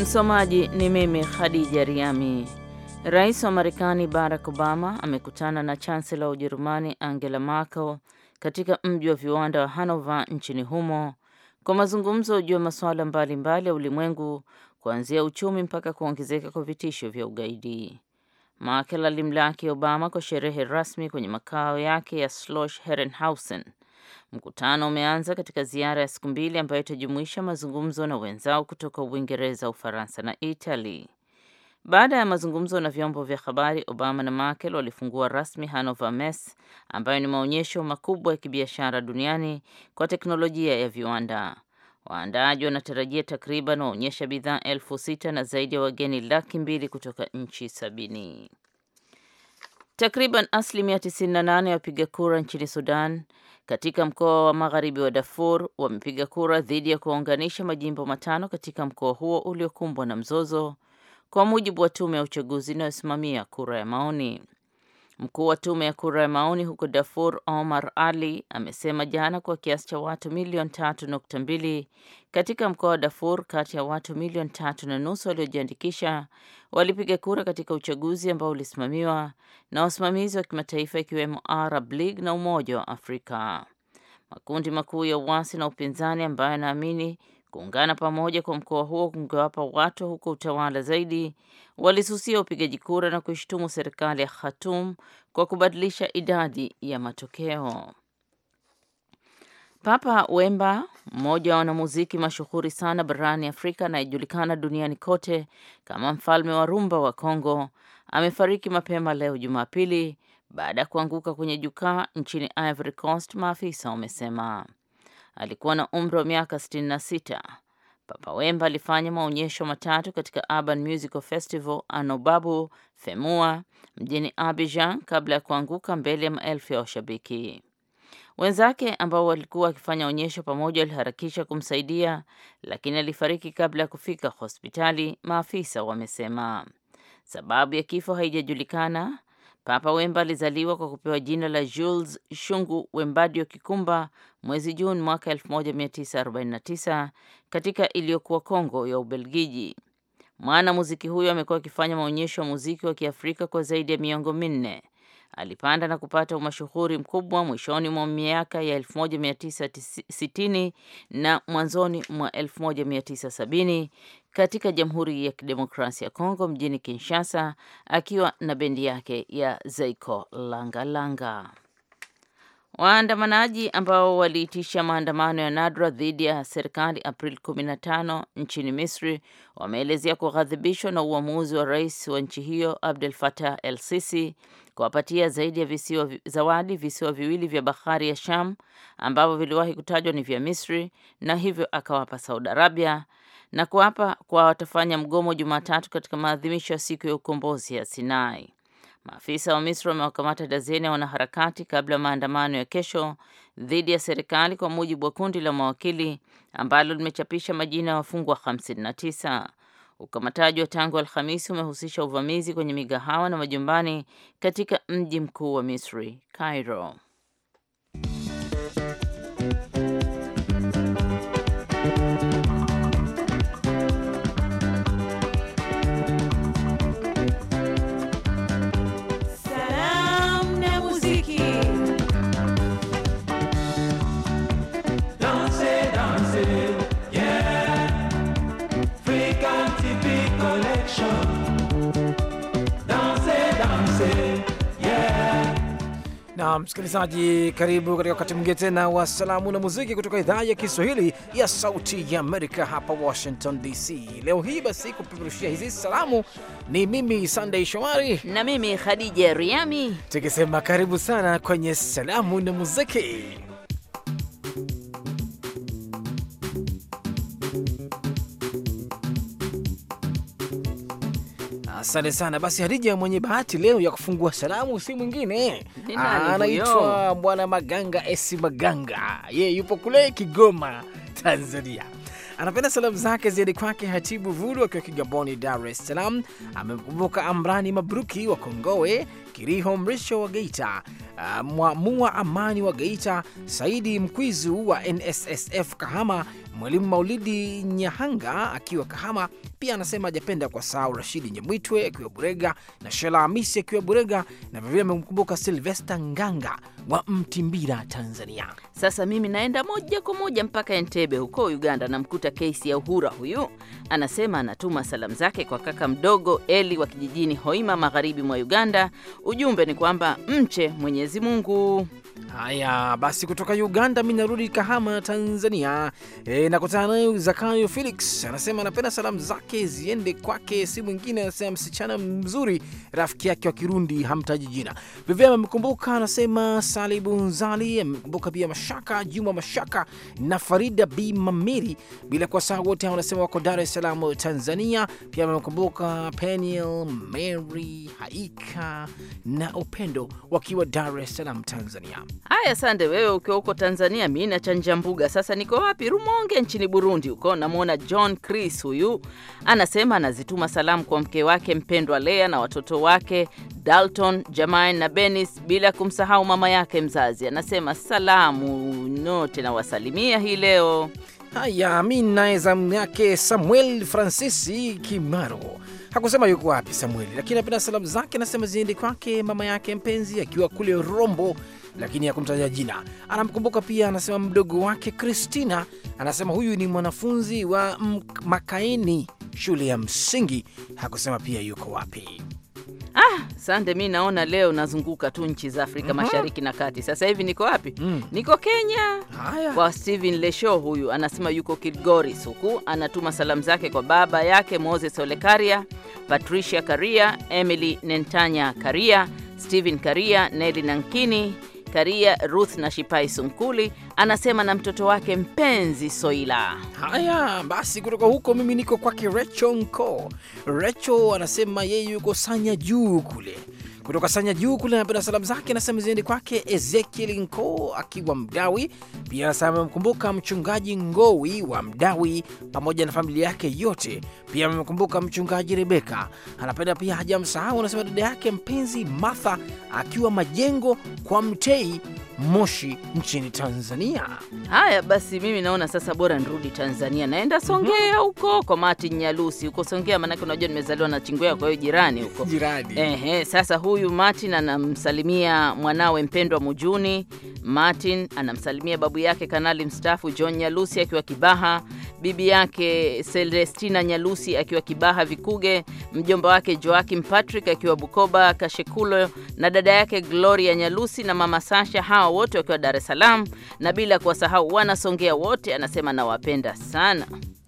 Msomaji ni mimi Khadija Riami. Rais wa Marekani Barack Obama amekutana na Chancellor wa Ujerumani Angela Merkel katika mji wa viwanda wa Hanover nchini humo kwa mazungumzo juu ya masuala mbalimbali ya ulimwengu kuanzia uchumi mpaka kuongezeka kwa vitisho vya ugaidi. Merkel alimlaki Obama kwa sherehe rasmi kwenye makao yake ya Schloss Herrenhausen Mkutano umeanza katika ziara ya siku mbili ambayo itajumuisha mazungumzo na wenzao kutoka Uingereza, Ufaransa na Italy. Baada ya mazungumzo na vyombo vya habari, Obama na Merkel walifungua rasmi hanover Messe ambayo ni maonyesho makubwa ya kibiashara duniani kwa teknolojia ya viwanda. Waandaaji wanatarajia takriban waonyesha bidhaa elfu sita na zaidi ya wageni laki mbili kutoka nchi sabini. Takriban asilimia 98 ya wapiga kura nchini Sudan katika mkoa wa magharibi wa Darfur wamepiga kura dhidi ya kuwaunganisha majimbo matano katika mkoa huo uliokumbwa na mzozo, kwa mujibu wa tume ya uchaguzi inayosimamia kura ya maoni. Mkuu wa tume ya kura ya maoni huko Darfur, Omar Ali, amesema jana kwa kiasi cha watu milioni tatu nukta mbili katika mkoa wa Darfur kati ya watu milioni tatu na nusu waliojiandikisha walipiga kura katika uchaguzi ambao ulisimamiwa na wasimamizi wa kimataifa ikiwemo Arab League na Umoja wa Afrika. Makundi makuu ya uasi na upinzani ambayo yanaamini Kuungana pamoja kwa mkoa huo kungewapa watu huko utawala zaidi. Walisusia upigaji kura na kuishtumu serikali ya Khartoum kwa kubadilisha idadi ya matokeo. Papa Wemba, mmoja wa wanamuziki mashuhuri sana barani Afrika anayejulikana duniani kote kama mfalme wa rumba wa Kongo, amefariki mapema leo Jumapili baada ya kuanguka kwenye jukwaa nchini Ivory Coast, maafisa wamesema alikuwa na umri wa miaka 66. Papa Wemba alifanya maonyesho matatu katika Urban Musical Festival Anobabu Femua mjini Abidjan kabla ya kuanguka mbele ya maelfu ya washabiki. Wenzake ambao walikuwa wakifanya onyesho pamoja waliharakisha kumsaidia, lakini alifariki kabla ya kufika hospitali, maafisa wamesema. Sababu ya kifo haijajulikana. Papa Wemba alizaliwa kwa kupewa jina la Jules Shungu Wembadio Kikumba mwezi Juni mwaka 1949 katika iliyokuwa Kongo ya Ubelgiji. Mwana muziki huyo amekuwa akifanya maonyesho ya muziki wa Kiafrika kwa zaidi ya miongo minne. Alipanda na kupata umashuhuri mkubwa mwishoni mwa miaka ya 1960 na mwanzoni mwa 1970 katika Jamhuri ya Kidemokrasia ya Kongo mjini Kinshasa akiwa na bendi yake ya Zaiko Langalanga. Waandamanaji ambao waliitisha maandamano ya nadra dhidi ya serikali Aprili 15 nchini Misri wameelezea kughadhibishwa na uamuzi wa rais wa nchi hiyo Abdel Fattah El Sisi kuwapatia zaidi ya visiwa, zawadi visiwa viwili vya bahari ya Sham ambavyo viliwahi kutajwa ni vya Misri na hivyo akawapa Saudi Arabia na kuapa kwa watafanya mgomo Jumatatu katika maadhimisho ya siku ya ukombozi ya Sinai. Maafisa wa Misri wamewakamata dazeni ya wanaharakati kabla ya maandamano ya kesho dhidi ya serikali, kwa mujibu wa kundi la mawakili ambalo limechapisha majina ya wafungwa 59. Ukamataji wa tangu Alhamisi umehusisha uvamizi kwenye migahawa na majumbani katika mji mkuu wa Misri, Cairo. na msikilizaji, karibu katika wakati mwingine tena wa salamu na muziki kutoka idhaa ya Kiswahili ya Sauti ya Amerika hapa Washington DC. Leo hii basi kupeperushia hizi salamu ni mimi sandey Shomari na mimi Khadija Riami, tukisema karibu sana kwenye salamu na muziki. Asante sana. Basi Hadija, mwenye bahati leo ya kufungua salamu si mwingine, anaitwa Bwana Maganga Esi Maganga, ye yupo kule Kigoma, Tanzania. Anapenda salamu zake ziende kwake Hatibu Vulu akiwa Kigamboni, Dar es Salaam. Amemkumbuka Amrani Mabruki wa Kongowe, Kiriho Mrisho wa Geita, uh, Mwamua Amani wa Geita, Saidi Mkwizu wa NSSF Kahama, Mwalimu Maulidi Nyahanga akiwa Kahama pia anasema ajapenda kwa sahau Rashidi Nyemwitwe akiwa Burega na Shela Hamisi akiwa Burega, na vilevile amemkumbuka Silvesta Nganga wa Mtimbira, Tanzania. Sasa mimi naenda moja kwa moja mpaka Entebe huko Uganda, namkuta kesi ya Uhura. Huyu anasema anatuma salamu zake kwa kaka mdogo Eli wa kijijini Hoima, magharibi mwa Uganda. Ujumbe ni kwamba mche Mwenyezi Mungu. Haya basi, kutoka Uganda mi narudi Kahama, Tanzania. E, nakutana naye Zakayo Felix, anasema anapenda salamu zake ziende kwake, si mwingine, anasema msichana mzuri, rafiki yake wa Kirundi, hamtaji jina. Vivyo amemkumbuka, anasema Salibu Nzali, amemkumbuka pia Mashaka Juma Mashaka na Farida B Mamiri, bila kuwasahau wote hao, anasema wako Dar es Salaam, Tanzania. Pia amemkumbuka Peniel Mary Haika na Upendo wakiwa Dar es Salaam, Tanzania. Haya, sande wewe ukiwa huko Tanzania. Mimi na chanja mbuga sasa, niko wapi? Rumonge nchini Burundi. Huko namwona John Chris, huyu anasema anazituma salamu kwa mke wake mpendwa Lea na watoto wake Dalton, Jamain na Benis, bila kumsahau mama yake mzazi. Anasema salamu note na wasalimia hii leo. Haya, mi naye zamu yake Samuel Francisi Kimaro hakusema yuko wapi Samueli, lakini anapenda salamu zake, anasema ziende kwake mama yake mpenzi akiwa kule Rombo lakini hakumtaja jina. Anamkumbuka pia, anasema mdogo wake Christina, anasema huyu ni mwanafunzi wa Makaini shule ya msingi. Hakusema pia yuko wapi. Ah, sande, mi naona leo nazunguka tu nchi za Afrika mm -hmm. Mashariki na Kati. Sasa hivi niko wapi? mm. Niko Kenya Haya. Kwa Steven Lesho huyu anasema yuko Kilgoris, huku anatuma salamu zake kwa baba yake Moses Olekaria, Patricia Karia, Emily Nentanya Karia, Steven Karia, Neli Nankini Zakaria Ruth na Shipai Sunkuli anasema na mtoto wake mpenzi Soila. Haya basi, kutoka huko mimi niko kwake Recho Nko. Recho anasema yeye yuko Sanya juu kule kutoka Sanya Juu kule anapenda salamu zake, anasema ziende kwake Ezekiel Nko akiwa Mdawi. Pia anasema amemkumbuka mchungaji Ngowi wa Mdawi pamoja na familia yake yote. Pia amemkumbuka mchungaji Rebeka, anapenda pia hajamsahau, anasema dada yake mpenzi Martha akiwa Majengo kwa Mtei, Moshi nchini Tanzania. Haya basi, mimi naona sasa bora nirudi Tanzania, naenda Songea mhm. huko mm -hmm. kwa Martin Nyalusi huko Songea, maanake unajua nimezaliwa na Chingwea, kwa hiyo jirani huko jirani. Ehe, sasa huyu huyu Martin anamsalimia mwanawe mpendwa Mujuni. Martin anamsalimia babu yake kanali mstaafu John Nyalusi akiwa Kibaha, bibi yake Celestina Nyalusi akiwa Kibaha Vikuge, mjomba wake Joakim Patrick akiwa Bukoba Kashekulo, na dada yake Gloria Nyalusi na mama Sasha, hawa wote wakiwa Dar es Salaam, na bila kuwasahau wanasongea wote, anasema nawapenda sana.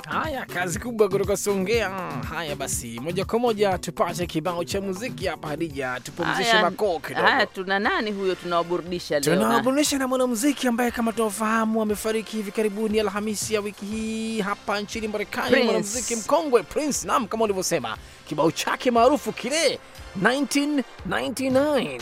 Haya, kazi kubwa kutoka Songea. Haya basi, moja kwa moja tupate kibao cha muziki hapa. Hadija, tupumzishe makoo kidogo. Haya, tuna nani huyo tunawaburudisha leo? Tunawaburudisha na mwanamuziki ambaye kama tunaofahamu amefariki hivi karibuni Alhamisi ya wiki hii hapa nchini Marekani, mwanamuziki mkongwe Prince. Naam, kama ulivyosema, kibao chake maarufu kile 1999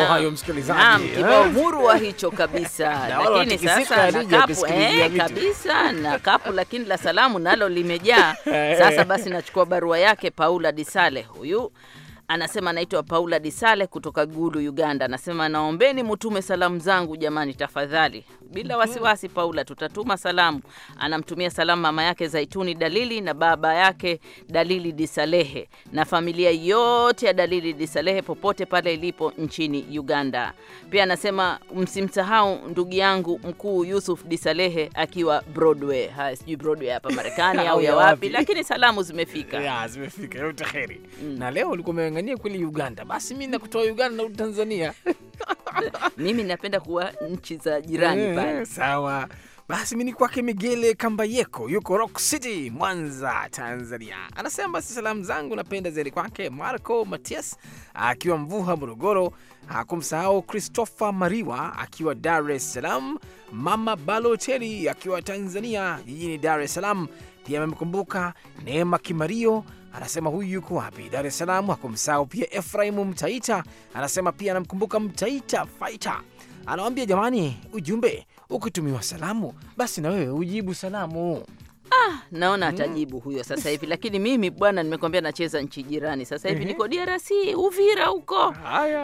mambo hayo msikilizaji, eh? kibao murwa hicho kabisa lakini sasa na kapu, eh, kabisa na kapu lakini la salamu nalo limejaa eh. sasa. Basi nachukua barua yake Paula Disale huyu anasema anaitwa Paula Disale kutoka Gulu, Uganda. Anasema naombeni mutume salamu zangu jamani, tafadhali bila wasiwasi Paula, tutatuma salamu. Anamtumia salamu mama yake Zaituni Dalili na baba yake Dalili Disalehe na familia yote ya Dalili Disalehe popote pale ilipo nchini Uganda. Pia anasema msimsahau ndugu yangu mkuu Yusuf Disalehe akiwa Broadway. Haya, sijui Broadway hapa Marekani au ya wapi, lakini salamu zimefika. Ya, zimefika. Yote heri. Mm. Na leo ulikuwa umeangania kweli Uganda. Basi mimi nakutoa Uganda na Tanzania. mimi napenda kuwa nchi za jirani eh, pale. Sawa basi, mimi ni kwake Migele Kambayeko, yuko Rock City, Mwanza, Tanzania. Anasema basi salamu zangu napenda zaidi kwake Marco Matias akiwa Mvuha, Morogoro. Hakumsahau Christopher Mariwa akiwa Dar es Salaam, mama Baloteli akiwa Tanzania, jijini Dar es Salaam. Pia amemkumbuka Neema Kimario anasema huyu yuko wapi? Dar es Salaam. Hakumsahau pia Efraimu Mtaita, anasema pia anamkumbuka Mtaita Faita. Anawambia jamani, ujumbe ukitumiwa salamu, basi na wewe ujibu salamu. Ah, naona mm. atajibu huyo sasa hivi, lakini mimi bwana, nimekwambia nacheza nchi jirani sasa hivi niko DRC Uvira huko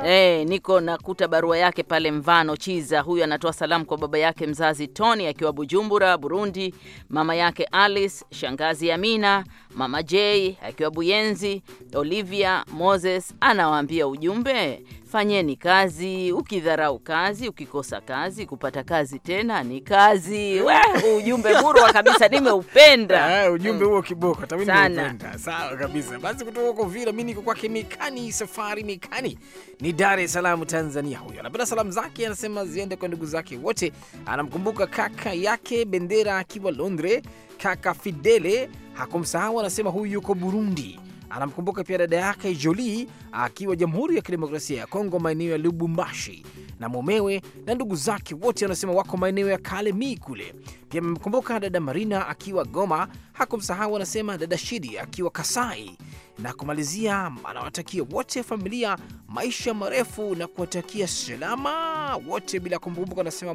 eh, niko nakuta barua yake pale. Mvano Chiza huyo anatoa salamu kwa baba yake mzazi Tony akiwa Bujumbura Burundi, mama yake Alice, shangazi Amina, mama Jay akiwa Buyenzi, Olivia Moses anawaambia ujumbe fanyeni kazi. Ukidharau kazi, ukikosa kazi, kupata kazi tena ni kazi. We, ujumbe murwa kabisa, nimeupenda eh, ujumbe huo kiboko, hata mimi nimeupenda. Sawa kabisa. Basi kutoka huko vile, mimi niko kwake Mikani Safari Mikani ni Dar es Salaam, Tanzania. Huyo anapenda salamu zake, anasema ziende kwa ndugu zake wote. Anamkumbuka kaka yake Bendera akiwa Londres, kaka Fidele hakumsahau, anasema huyu yuko Burundi Anamkumbuka pia dada yake joli akiwa Jamhuri ya Kidemokrasia ya Kongo, maeneo ya Lubumbashi, na mumewe na ndugu zake wote wanasema wako maeneo ya Kalemi kule. Pia amemkumbuka dada Marina akiwa Goma, hakumsahau anasema dada Shidi akiwa Kasai na kumalizia, anawatakia wote familia maisha marefu na kuwatakia salama wote, bila kumbukumbuka, anasema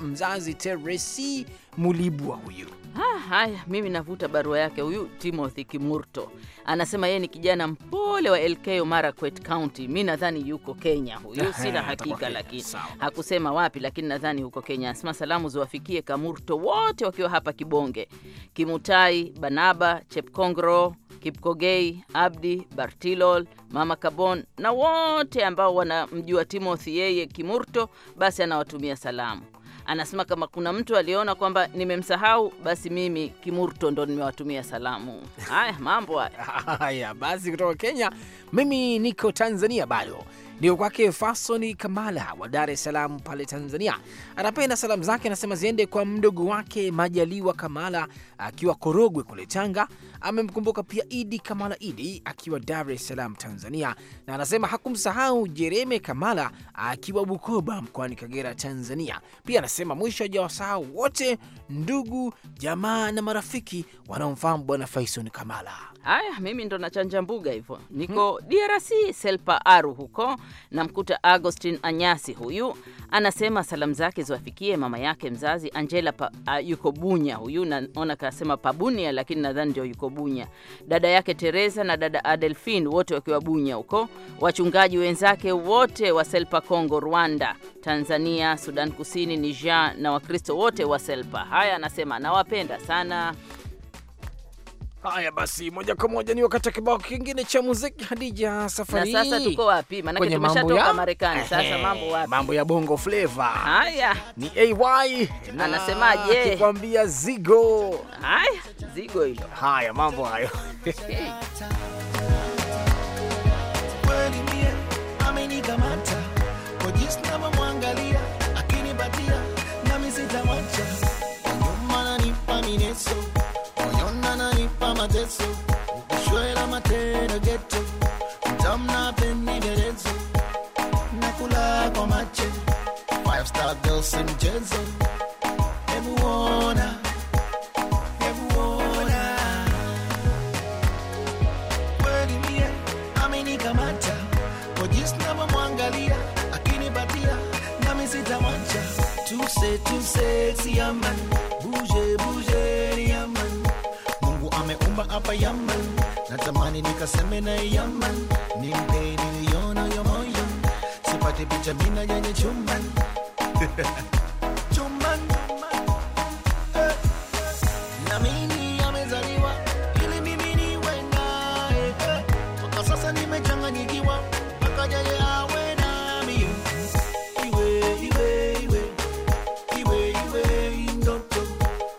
mzazi Teresi Mulibwa huyu. Ha, haya, mimi navuta barua yake huyu. Timothy Kimurto anasema yeye ni kijana mpole wa Elgeyo Marakwet County. Mi nadhani yuko Kenya huyu, sina hakika, lakini hakusema wapi, lakini nadhani huko Kenya. Anasema salamu ziwafikie Kamurto wote wakiwa hapa Kibonge, Kimutai, Banaba, Chepkongro Kipkogei, Abdi Bartilol, Mama Kabon na wote ambao wanamjua Timothy yeye Kimurto, basi anawatumia salamu. Anasema kama kuna mtu aliona kwamba nimemsahau basi mimi Kimurto ndo nimewatumia salamu. Haya mambo haya. Haya basi, kutoka Kenya, mimi niko Tanzania bado ndio kwake Fasoni Kamala wa Dar es Salaam pale Tanzania, anapenda salamu zake, anasema ziende kwa mdogo wake Majaliwa Kamala akiwa Korogwe kule Tanga. Amemkumbuka pia Idi Kamala Idi akiwa Dar es Salaam Tanzania, na anasema hakumsahau Jereme Kamala akiwa Bukoba mkoani Kagera Tanzania. Pia anasema mwisho hajawasahau wote ndugu jamaa na marafiki wanaomfahamu Bwana Faison Kamala. Haya, mimi ndo nachanja mbuga hivyo, niko hmm, DRC Selpa Aru huko Namkuta Agostin Anyasi, huyu anasema salamu zake ziwafikie mama yake mzazi Angela pa, a, ah, yuko Bunya, huyu naona kasema Pabunia, lakini nadhani ndio yuko Bunya, dada yake Teresa na dada Adelfin wote wakiwa Bunya huko, wachungaji wenzake wote wa Selpa Congo, Rwanda, Tanzania, Sudan Kusini, Niger na Wakristo wote wa Selpa. Haya, anasema nawapenda sana. Haya basi, moja kwa moja ni wakati wa kibao kingine cha muziki. Hadija, safari na sasa tuko wapi? Maanake tumeshatoka Marekani, sasa mambo wapi? Mambo ya bongo fleva. Haya ni AY na anasemaje? Akikwambia zigo. Haya zigo hilo. Haya mambo hayo mateso ukishwela matena geto mtamna nakula kwa mache five star girls in mchezo hebu ona hebu ona hapa Yaman, natamani nikaseme na Yaman, nimpe niliona ya moyo, sipate picha mina nyenye chuman chuman eh, eh. na mimi amezaliwa ili mimi niwe naye eh. Mpaka sasa nimechanganyikiwa mpaka yeye awe nami iwe iwe iwe iwe iwe ndoto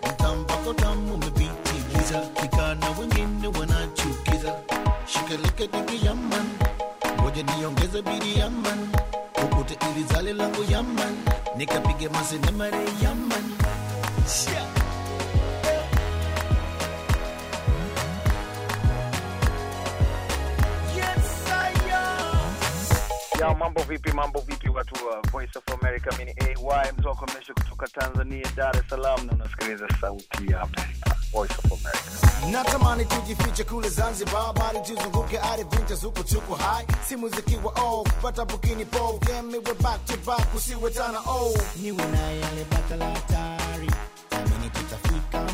mtampako tamu umepitiliza nikana wengi nipeleke digi yaman, ngoje niongeze bidi yaman, ukute ili zale langu yaman, nikapige masinemare re yaman yeah. ya mambo vipi, mambo vipi watu wa Voice of America, mini AY mtoka mnesho kutoka Tanzania, Dar es Salaam, na unasikiliza sauti ya America, Voice of America. Natamani tujifiche kule Zanzibar, bari tuzunguke ardhi zuko tuku hai si muziki wa oh kupata bukini po, damn we back to back, usiwe tena oh, niwe naye alebata la hatari amini tutafika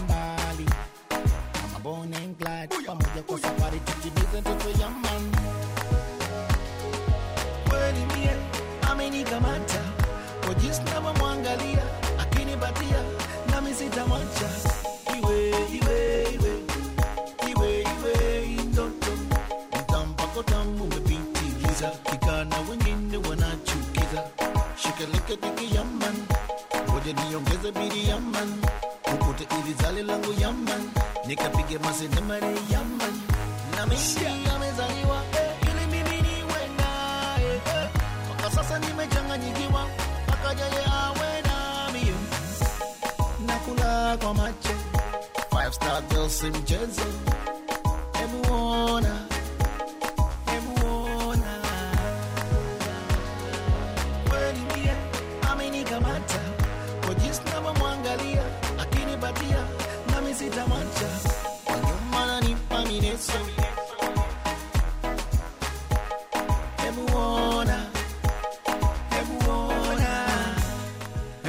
zaman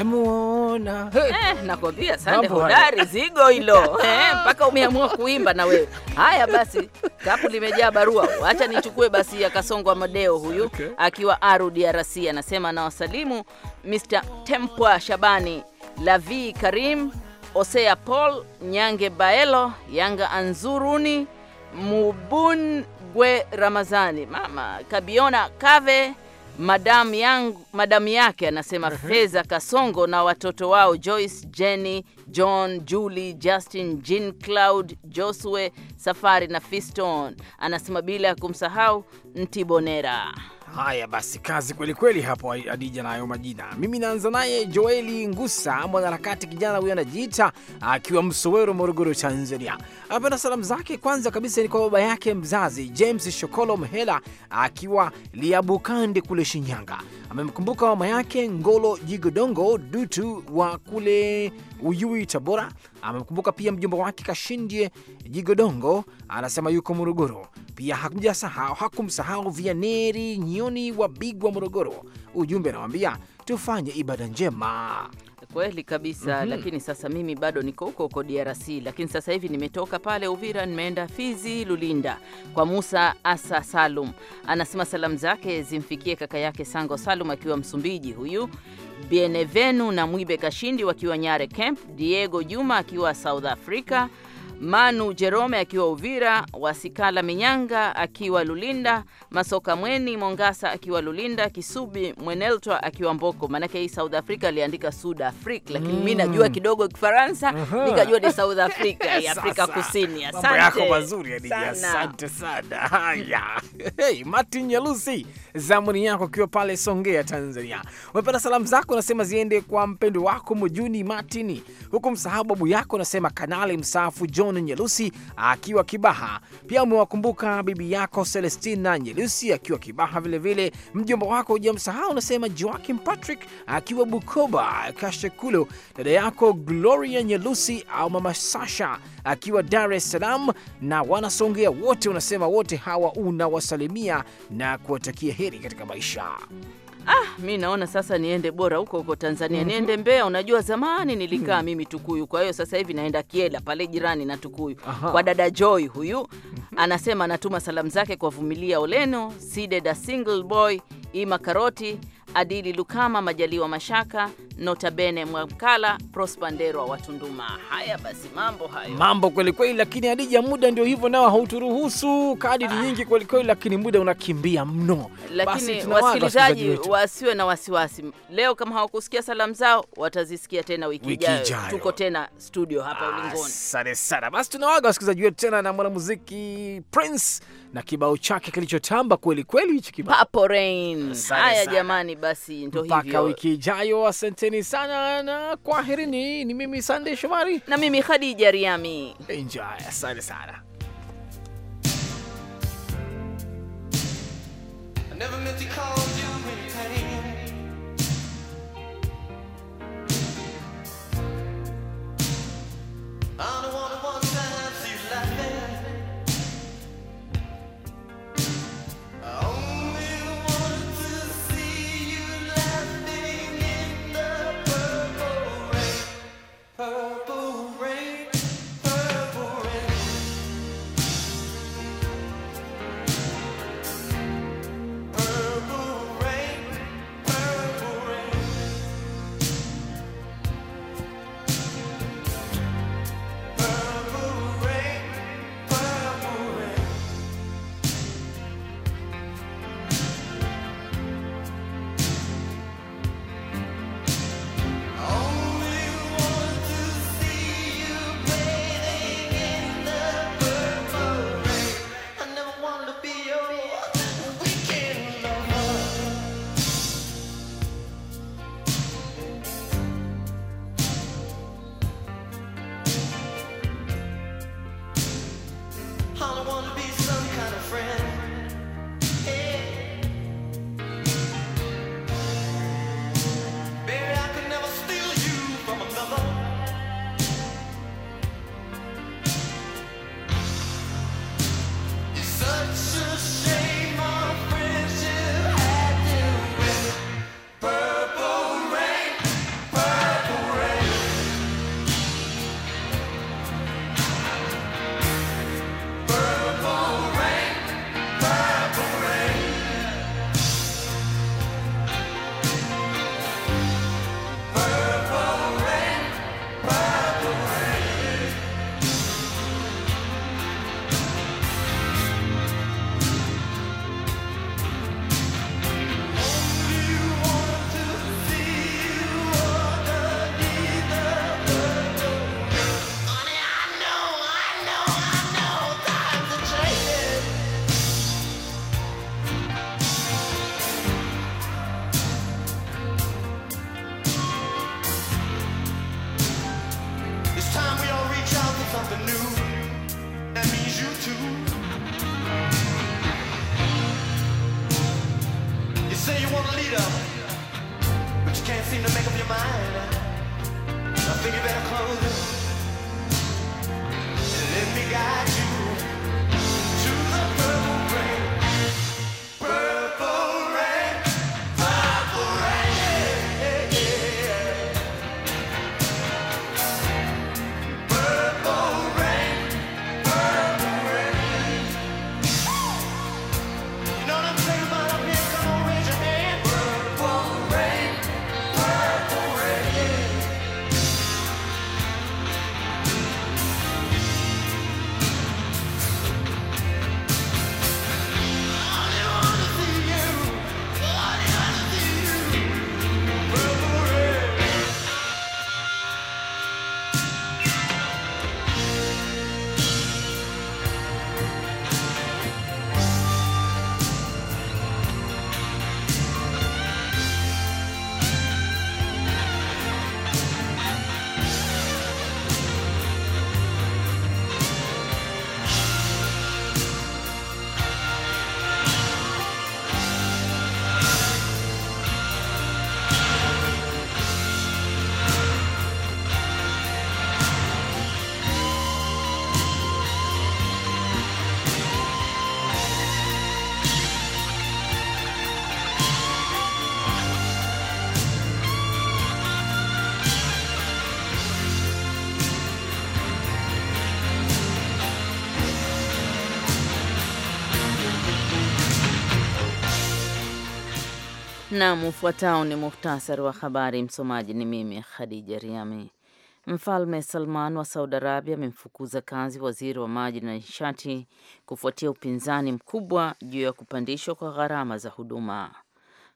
Emuona. Hey. Eh, nakwambia sande hodari zigo hilo. Eh, mpaka umeamua kuimba na wewe. Haya basi, kapu limejaa barua. Wacha nichukue basi ya Kasongo Amadeo huyu okay, akiwa Aru DRC anasema nawasalimu Mr. Tempwa Shabani, Lavi Karim, Osea Paul, Nyange Baelo, Yanga Anzuruni, Mubungwe Ramazani, Mama Kabiona Kave Madamu yangu, madam yake anasema feza Kasongo na watoto wao Joyce, Jenny, John, Julie, Justin, Jean Cloud, Josue, Safari na Fiston. Anasema bila ya kumsahau Ntibonera. Haya basi, kazi kwelikweli hapo, Adija nayo majina. Mimi naanza naye Joeli Ngusa, mwanaharakati kijana huyo anajiita akiwa Msowero, Morogoro, Tanzania. Apenda salamu zake kwanza kabisa ni kwa baba yake mzazi James Shokolo Mhela akiwa Liabukande kule Shinyanga. Amemkumbuka mama yake Ngolo Jigodongo Dutu wa kule Uyui, Tabora amemkumbuka pia mjomba wake Kashindie Jigodongo, anasema yuko Morogoro. Pia hakumsahau hakumsahau Vianeri Nyoni wa Bigwa, Morogoro. Ujumbe anawambia tufanye ibada njema. Kweli kabisa mm -hmm. Lakini sasa mimi bado niko huko huko DRC, lakini sasa hivi nimetoka pale Uvira, nimeenda Fizi, Lulinda kwa Musa Asa Salum. Anasema salamu zake zimfikie kaka yake Sango Salum akiwa Msumbiji, huyu Bienvenu na Mwibe Kashindi wakiwa Nyare Camp, Diego Juma akiwa South Africa, Manu Jerome akiwa Uvira, Wasikala Minyanga akiwa Lulinda, Masoka Mweni Mongasa akiwa Lulinda, Kisubi Mweneltwa akiwa Mboko. Maanake hii South Africa aliandika South Africa, lakini mm. mi najua kidogo Kifaransa uh -huh. nikajua ni South Africa ya Afrika Kusini. Asante yako mazuri, asante sana haya. Hey, Martin Nyalusi, zamuni yako ukiwa pale Songea, Tanzania, umepata salamu zako unasema ziende kwa mpendo wako Mujuni Martini, huku msahau babu yako unasema kanali msaafu John John Nyelusi akiwa Kibaha. Pia umewakumbuka bibi yako Celestina Nyelusi akiwa Kibaha vilevile, mjomba wako hujamsahau unasema Joakim Patrick akiwa Bukoba Kashekulo, dada yako Gloria Nyelusi au mama Sasha akiwa Dar es Salaam na Wanasongea wote, unasema wote hawa unawasalimia na kuwatakia heri katika maisha. Ah, mi naona sasa niende bora huko huko Tanzania. Mm -hmm. Niende Mbeya, unajua zamani nilikaa mm -hmm. mimi Tukuyu. Kwa hiyo sasa hivi naenda Kiela pale jirani na Tukuyu. Aha. Kwa dada Joy huyu mhm. anasema anatuma salamu zake kwa Vumilia Oleno, Side da Single Boy, Ima Karoti Adili Lukama, Majaliwa Mashaka, Notabene Mwakala, Prosper Ndero wa Tunduma. Haya basi, mambo hayo, mambo kweli kweli, lakini Adija, muda ndio hivyo nao hauturuhusu kadi ah, nyingi kweli kweli, lakini muda unakimbia mno. Lakini wasikilizaji wasiwe na wasiwasi, leo kama hawakusikia salamu zao watazisikia tena wiki ijayo. Tuko tena studio hapa ah, Ulingoni. Asante sana. Basi tunawaga wasikilizaji wetu tena na mwanamuziki Prince na kibao chake kilichotamba kweli kweli hichi kibao Rain. Haya jamani, basi ndio hivyo, mpaka wiki ijayo. Asanteni sana na kwaherini. Ni mimi Sande Shomari na mimi Khadija Riami. Enjoy, asante sana. I don't wanna Naam, ufuatao ni muhtasari wa habari. Msomaji ni mimi Khadija Riami. Mfalme Salman wa Saudi Arabia amemfukuza kazi waziri wa maji na nishati kufuatia upinzani mkubwa juu ya kupandishwa kwa gharama za huduma.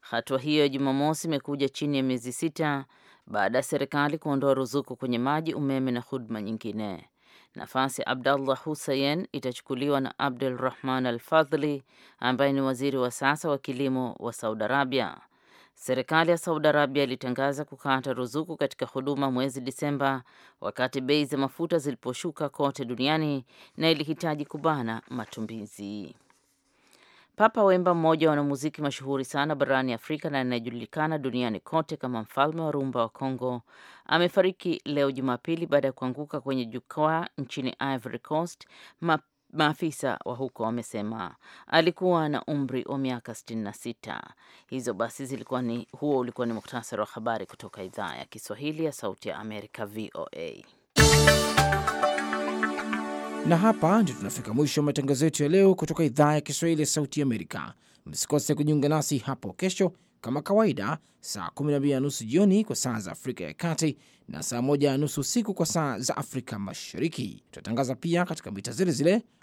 Hatua hiyo ya Jumamosi imekuja chini ya miezi sita baada ya serikali kuondoa ruzuku kwenye maji, umeme na huduma nyingine. Nafasi ya Abdallah Husayen itachukuliwa na Abdul Rahman Al Fadhli ambaye ni waziri wa sasa wa kilimo wa Saudi Arabia. Serikali ya Saudi Arabia ilitangaza kukata ruzuku katika huduma mwezi Disemba wakati bei za mafuta ziliposhuka kote duniani na ilihitaji kubana matumizi. Papa Wemba, mmoja wa wanamuziki mashuhuri sana barani Afrika na anayejulikana duniani kote kama mfalme wa rumba wa Kongo, amefariki leo Jumapili baada ya kuanguka kwenye jukwaa nchini Ivory Coast mapema Maafisa wa huko wamesema alikuwa na umri wa miaka 66. Hizo basi zilikuwa ni, huo ulikuwa ni muktasari wa habari kutoka idhaa ya Kiswahili ya Sauti ya Amerika, VOA. Na hapa ndio tunafika mwisho wa matangazo yetu ya leo kutoka idhaa ya Kiswahili ya Sauti ya Amerika. Msikose kujiunga nasi hapo kesho kama kawaida, saa 12 na nusu jioni kwa saa za Afrika ya Kati na saa 1 na nusu usiku kwa saa za Afrika Mashariki. Tutatangaza pia katika mita zile zile